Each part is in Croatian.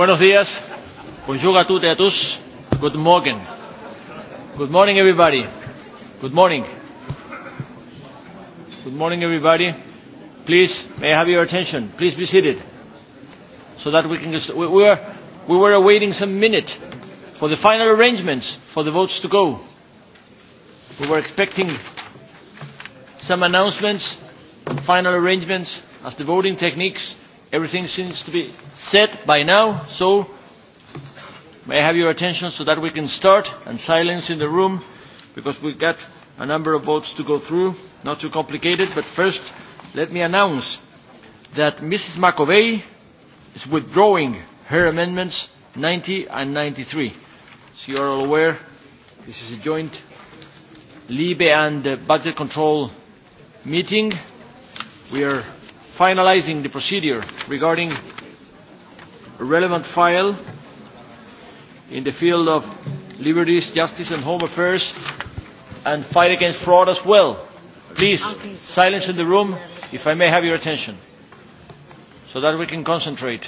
Buenos días. Bonjour à toutes et à tous. Good morning. Good morning, everybody. Good morning. Good morning, everybody. Please, may I have your attention? Please be seated. So that we can just, we, we, were, we were awaiting some minute for the final arrangements for the votes to go. We were expecting some announcements, final arrangements as the voting techniques Everything seems to be set by now, so may I have your attention so that we can start and silence in the room because we've got a number of votes to go through, not too complicated, but first let me announce that Mrs. McAvey is withdrawing her amendments 90 and 93. So you are all aware, this is a joint LIBE and Budget Control meeting. We are finalizing the procedure regarding a relevant file in the field of liberties, justice and home affairs and fight against fraud as well. Please, silence in the room, if I may have your attention, so that we can concentrate.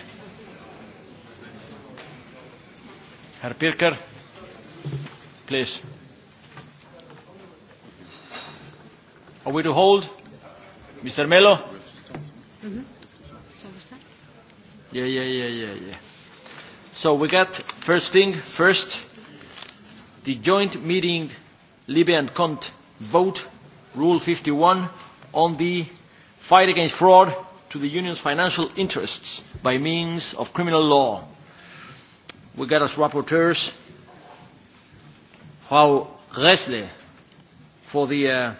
Herr Pirker, please. Are we to hold? Mr. Melo? Yeah, yeah, yeah, yeah, yeah. So we got first thing first, the joint meeting Libe and Cont vote, Rule 51, on the fight against fraud to the Union's financial interests by means of criminal law. We got as rapporteurs Frau Resle for the uh,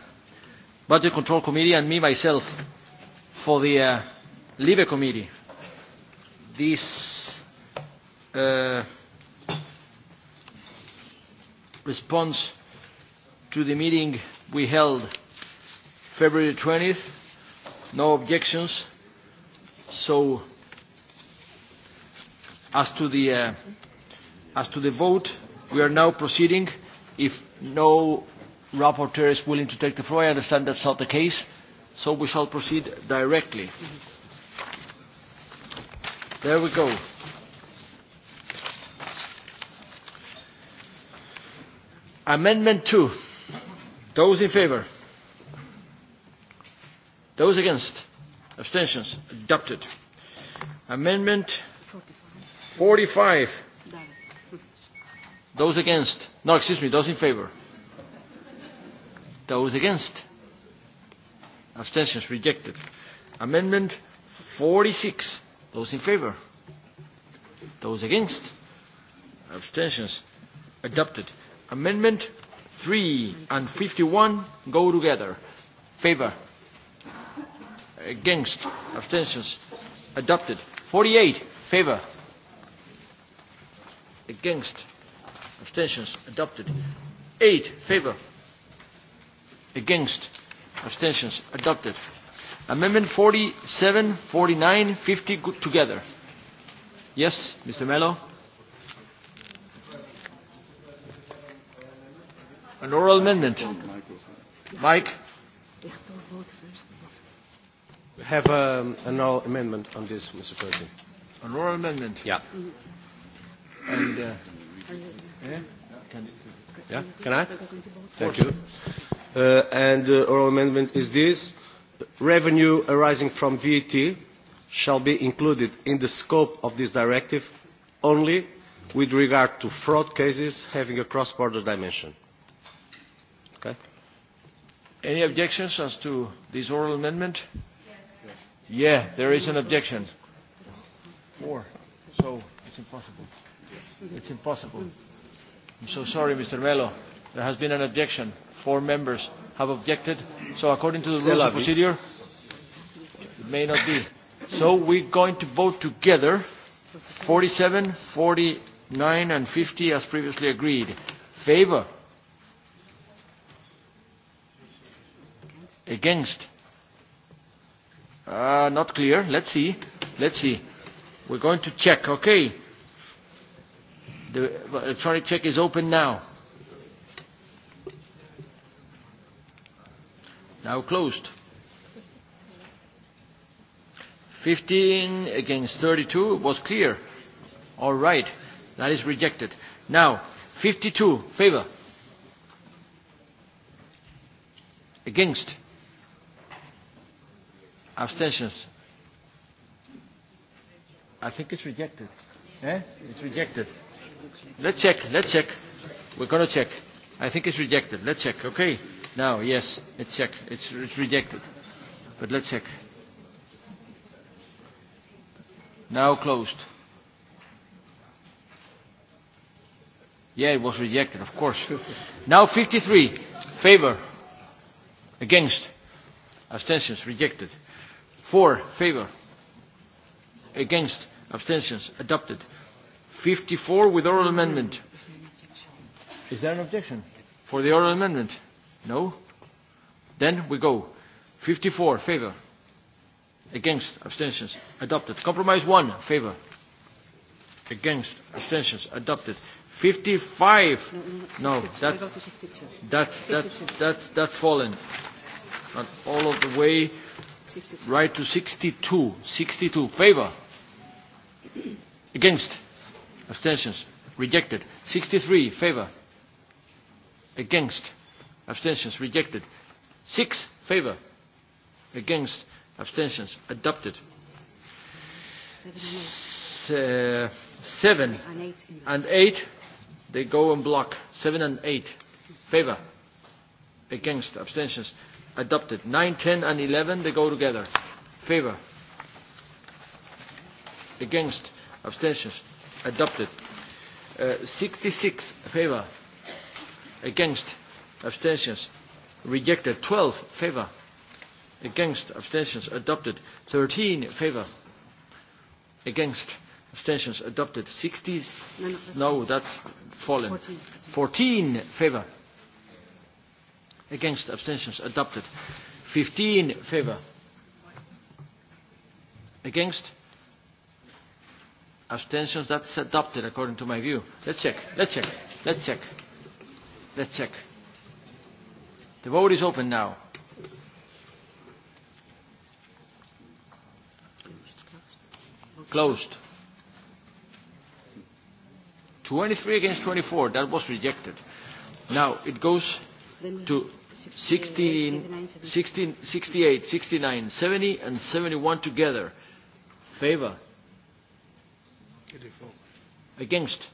Budget Control Committee and me myself for the uh, Libe Committee this uh, response to the meeting we held February 20th. No objections. So as to the uh, as to the vote, we are now proceeding. If no rapporteur is willing to take the floor, I understand that's not the case. So we shall proceed directly. There we go. Amendment 2. Those in favor? Those against? Abstentions? Adopted. Amendment 45. Those against? No, excuse me, those in favor? Those against? Abstentions? Rejected. Amendment 46. Those in favor? Those against? Abstentions? Adopted. Amendment 3 and 51 go together. Favor? Against? Abstentions? Adopted. 48. Favor? Against? Abstentions? Adopted. 8. Favor? Against? Abstentions? Adopted. Amendment 47, 49, 50 together. Yes, Mr. Mello. An oral amendment. Mike. We have um, an oral amendment on this, Mr. President. An oral amendment? Yeah. And, uh, can, Can, yeah, can I? Thank you. Uh, and the uh, oral amendment is this revenue arising from vat shall be included in the scope of this directive only with regard to fraud cases having a cross border dimension. Any objections as to this oral amendment? Yeah, there is an objection. Four. So it's impossible. It's impossible. I'm so sorry, Mr. Melo. There has been an objection. Four members have objected. So according to the rules of procedure, it may not be. So we're going to vote together 47, 49 and 50 as previously agreed. Favor? Against? Uh, not clear. Let's see. Let's see. We're going to check. Okay. The electronic check is open now. now closed. 15 against 32 was clear. All right. That is rejected. Now, 52, favor. Against. Abstentions. I think it's rejected. Eh? It's rejected. Let's check. Let's check. We're going to check. I think it's rejected. Let's check. Okay now yes, it's check. It's, it's rejected. But let's check. Now closed. Yeah, it was rejected, of course. now 53. Favor. Against. Abstentions. Rejected. Four. Favor. Against. Abstentions. Adopted. 54 with oral amendment. Is there an objection? For the oral amendment? No? Then we go. 54, favor. Against, abstentions, adopted. Compromise 1, favor. Against, abstentions, adopted. 55, no, no that's, that's, that's, that's, that's fallen. Not all of the way, right to 62, 62, favor. Against, abstentions, rejected. 63, favor. Against, abstentions rejected six favor against abstentions adopted seven, and, eight uh, they go and block seven and eight favor against abstentions adopted nine ten and eleven they go together favor against abstentions adopted uh, 66 favor against abstentions rejected 12 favor against abstentions adopted 13 favor against abstentions adopted 60 no that's fallen 14 favor against abstentions adopted 15 favor against abstentions that's adopted according to my view let's check let's check let's check let's check The vote is open now. Closed. 23 against 24. That was rejected. Now it goes to 16, 16, 68, 69, 70 and 71 together. Favor. Against.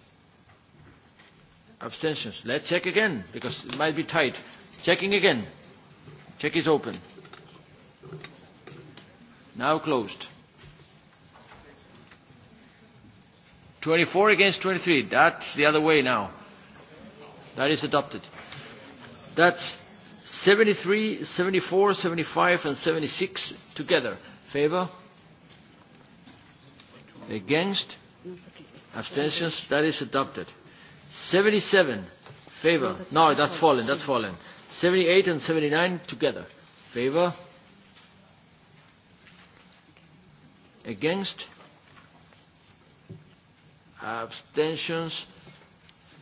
Abstentions. Let's check again because it might be tight. Checking again. Check is open. Now closed. 24 against 23. That's the other way now. That is adopted. That's 73, 74, 75 and 76 together. Favor? Against? Abstentions? That is adopted. 77. Favor? No, that's fallen. That's fallen. 78 and 79 together. Favor? Against? Abstentions?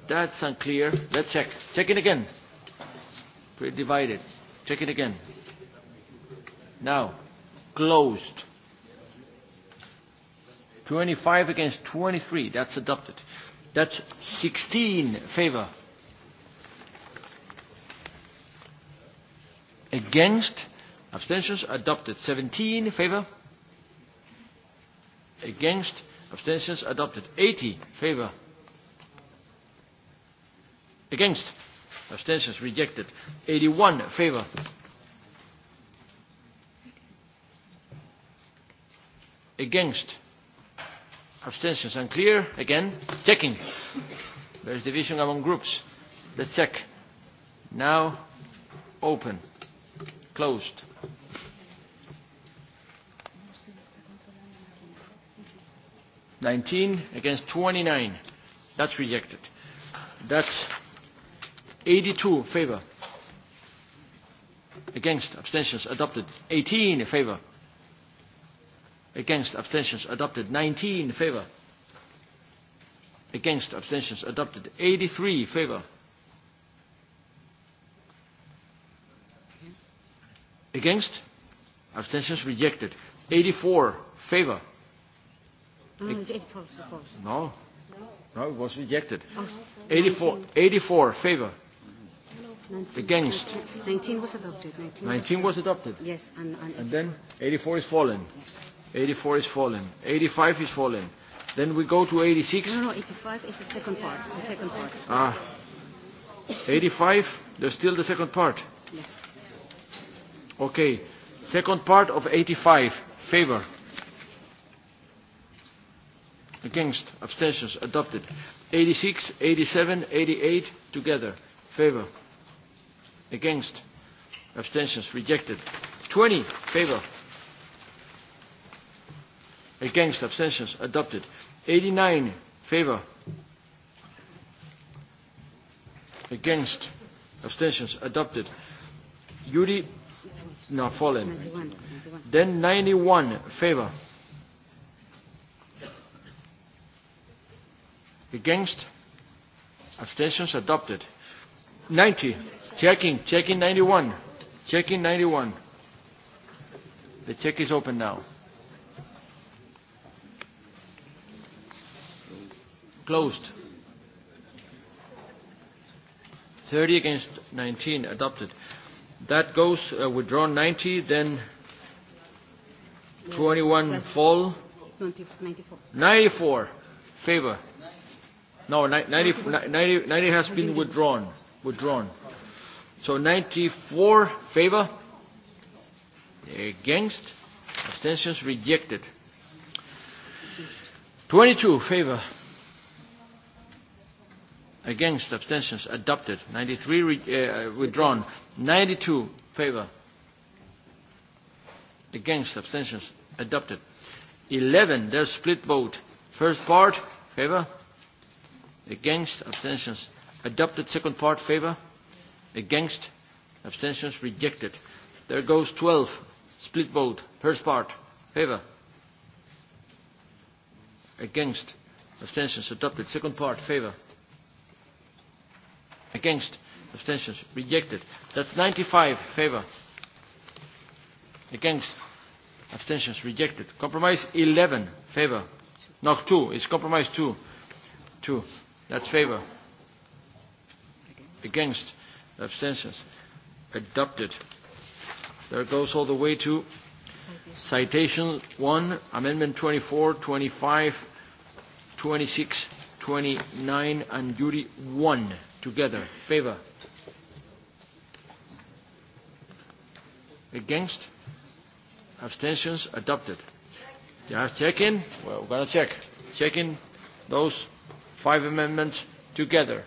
That's unclear. Let's check. Check it again. Pretty divided. Check it again. Now, closed. 25 against 23. That's adopted. That's 16 favor. against abstentions adopted 17 in favor against abstentions adopted 80 favour. favor against abstentions rejected 81 one favor against abstentions unclear again checking there is division among groups let's check now open Closed. Nineteen against twenty nine. That's rejected. That's eighty two favor. Against abstentions adopted. Eighteen in favor. Against abstentions adopted. Nineteen in favor. Against abstentions adopted. Eighty three in favor. Against? Abstentions rejected. 84. Favor? No, it's, false, No. No, it was rejected. 84. 84. Favor? against 19 was adopted 19, 19 was adopted yes and, and, and then 84 is fallen 84 is fallen 85 is fallen then we go to 86 no no 85 is the second part the second part ah 85 there's still the second part yes Okay. Second part of 85. Favor. Against. Abstentions. Adopted. 86, 87, 88. Together. Favor. Against. Abstentions. Rejected. 20. Favor. Against. Abstentions. Adopted. 89. Favor. Against. Abstentions. Adopted. Yuri no, fallen. 91. Then 91, favor. Against? Abstentions adopted. 90, checking, checking 91. Checking 91. The check is open now. Closed. 30 against 19, adopted. That goes uh, withdrawn 90, then 21 fall. 94. 94. Favor. No, 90, 90, 90 has been withdrawn. Withdrawn. So 94 favor. Against. Abstentions rejected. 22 favor against abstentions adopted 93 re, uh, uh withdrawn 92 favor against abstentions adopted 11 there's split vote first part favor against abstentions adopted second part favor against abstentions rejected there goes 12 split vote first part favor against abstentions adopted second part favor Against. Abstentions. Rejected. That's 95. Favor. Against. Abstentions. Rejected. Compromise 11. Favor. No, 2. It's compromise 2. 2. That's favor. Against. Abstentions. Adopted. There goes all the way to citation 1, amendment 24, 25, 26, 29, and duty 1 together. Favor. Against. Abstentions adopted. are checking. Well, we're going to check. Checking those five amendments together.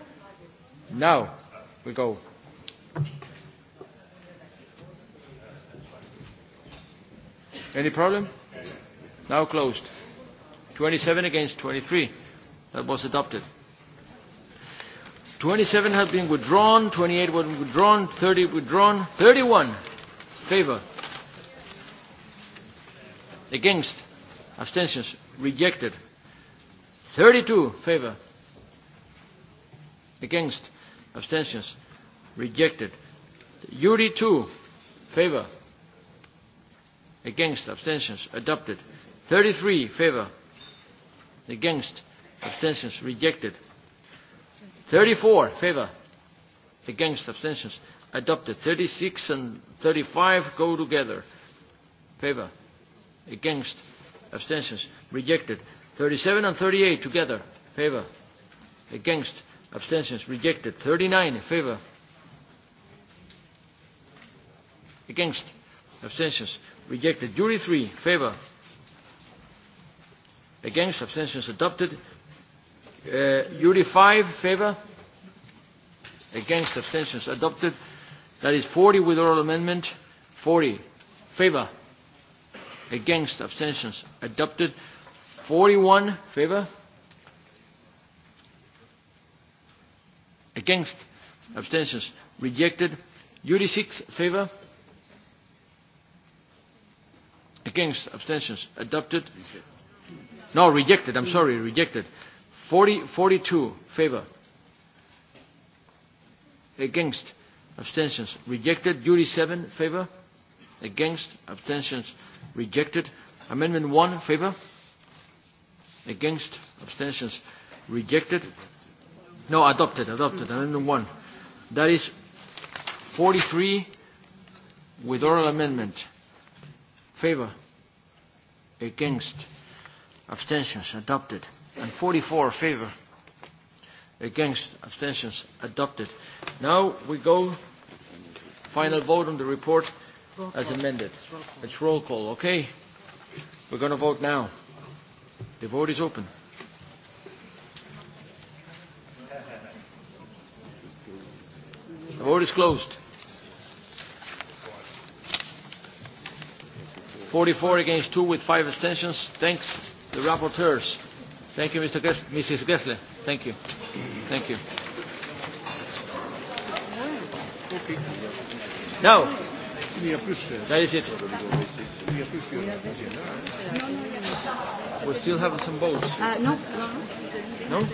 Now we go. Any problem? Now closed. 27 against 23. That was adopted. 27 have been withdrawn, 28 were withdrawn, 30 withdrawn, 31 favor. Against, abstentions, rejected. 32 favor. Against, abstentions, rejected. UD 2 favor. Against, abstentions, adopted. 33 favor. Against, abstentions, rejected. 34 favor against abstentions adopted 36 and 35 go together favor against abstentions rejected 37 and 38 together favor against abstentions rejected 39 favor against abstentions rejected jury 3 favor against abstentions adopted Uh, UD 5, favor? Against, abstentions adopted. That is 40 with oral amendment. 40, favor? Against, abstentions adopted. 41, favor? Against, abstentions rejected. UD 6, favor? Against, abstentions adopted. No, rejected, I'm sorry, rejected. 40, 42 favor against abstentions rejected duty 7 favor against abstentions rejected amendment 1 favor against abstentions rejected no adopted adopted amendment 1 that is 43 with oral amendment favor against abstentions adopted and 44 favor against abstentions adopted now we go final vote on the report as amended it's roll call okay we're going to vote now the vote is open the vote is closed 44 against 2 with 5 abstentions thanks the rapporteurs Thank you, Mr. Gess Mrs. Gessler. Thank you. Thank you. No. that is it. We still have some votes. Uh, no. No?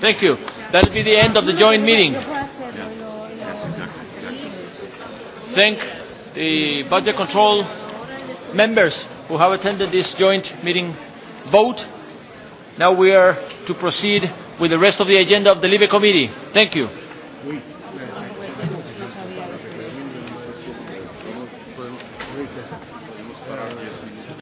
Thank you. That will be the end of the joint meeting. Thank you the budget control members who have attended this joint meeting vote. Now we are to proceed with the rest of the agenda of the Libre Committee. Thank you.